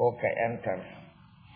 Coca enter.